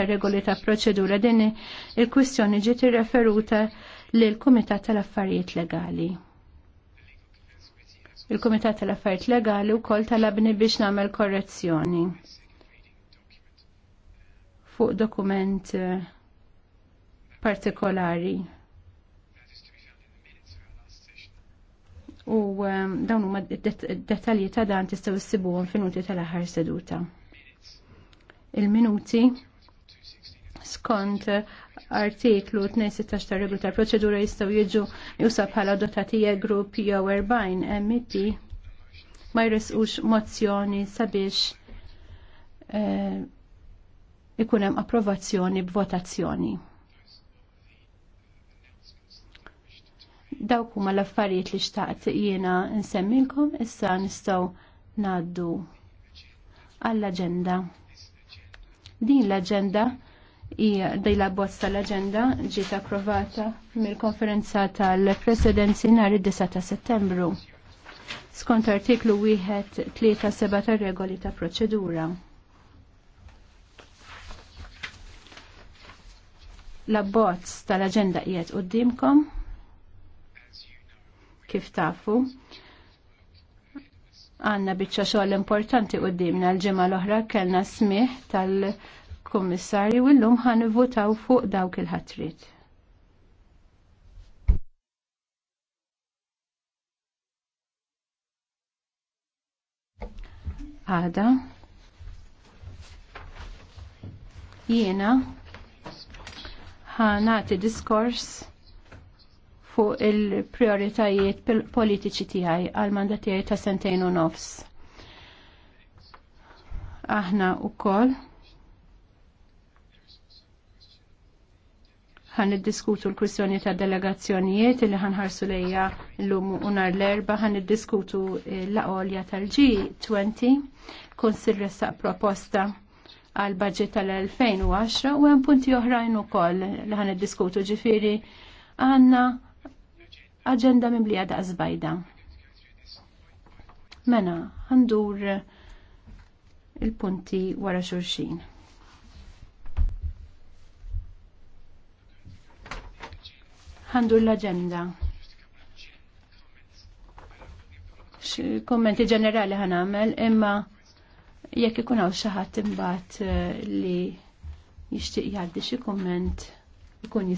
ta' regoli ta' proċedura din il-kwistjoni ġiet irreferuta lill kumitat tal-Affarijiet Legali. Il-Kumitat tal-Affarijiet Legali wkoll talabni biex nagħmel korrezzjoni fuq dokument eh, partikolari. U eh, dawn huma dettalji ta' dan tistgħu issibuhom fil-minuti tal-aħħar seduta il-minuti skont artiklu 216 ta' reglu ta' proċedura jistaw jiġu jusa bħala dotatija grupp jew erbajn MEP ma jresqux mozzjoni sabiex eh, ikun hemm approvazzjoni b'votazzjoni. Dawk huma l-affarijiet li xtaqt jiena nsemmilkom issa nistgħu ngħaddu għall-aġenda. Din l-aġenda hija dejla bozza l-aġenda ġiet approvata mill-konferenza tal-Presidenzi nhar id-9 ta' Settembru. Skont artiklu wieħed tlieta seba' tar-regoli ta' proċedura. L-abbozz tal-aġenda qiegħed qudiemkom kif tafu għanna bieċa xogħol importanti quddiemna l ġimgħa l-oħra kellna smih tal- Kummissarju, illum ħan votaw fuq dawk il-ħatrit. Għada. Jiena ħanati diskors fuq il-prioritajiet politiċi tiegħi għal mandatijaj ta' sentejn u nofs. Aħna u koll ħan diskutu l-kwistjoni ta' delegazzjonijiet li ħan ħarsu lejja l-lum unar l-erba ħan diskutu eh, l-aqolja tal-G20 konsil ressaq proposta għal budget tal-2010 u għem punti oħrajn u koll li ħan diskutu ġifiri għanna agenda minn blija da' zbajda. Mena, għandur il-punti wara xurxin. ħandur l-agenda. Kommenti ġenerali ħan għamel, imma jekk ikun hawn xi ħadd imbagħad eh, li jixtieq jgħaddi xi kumment ikun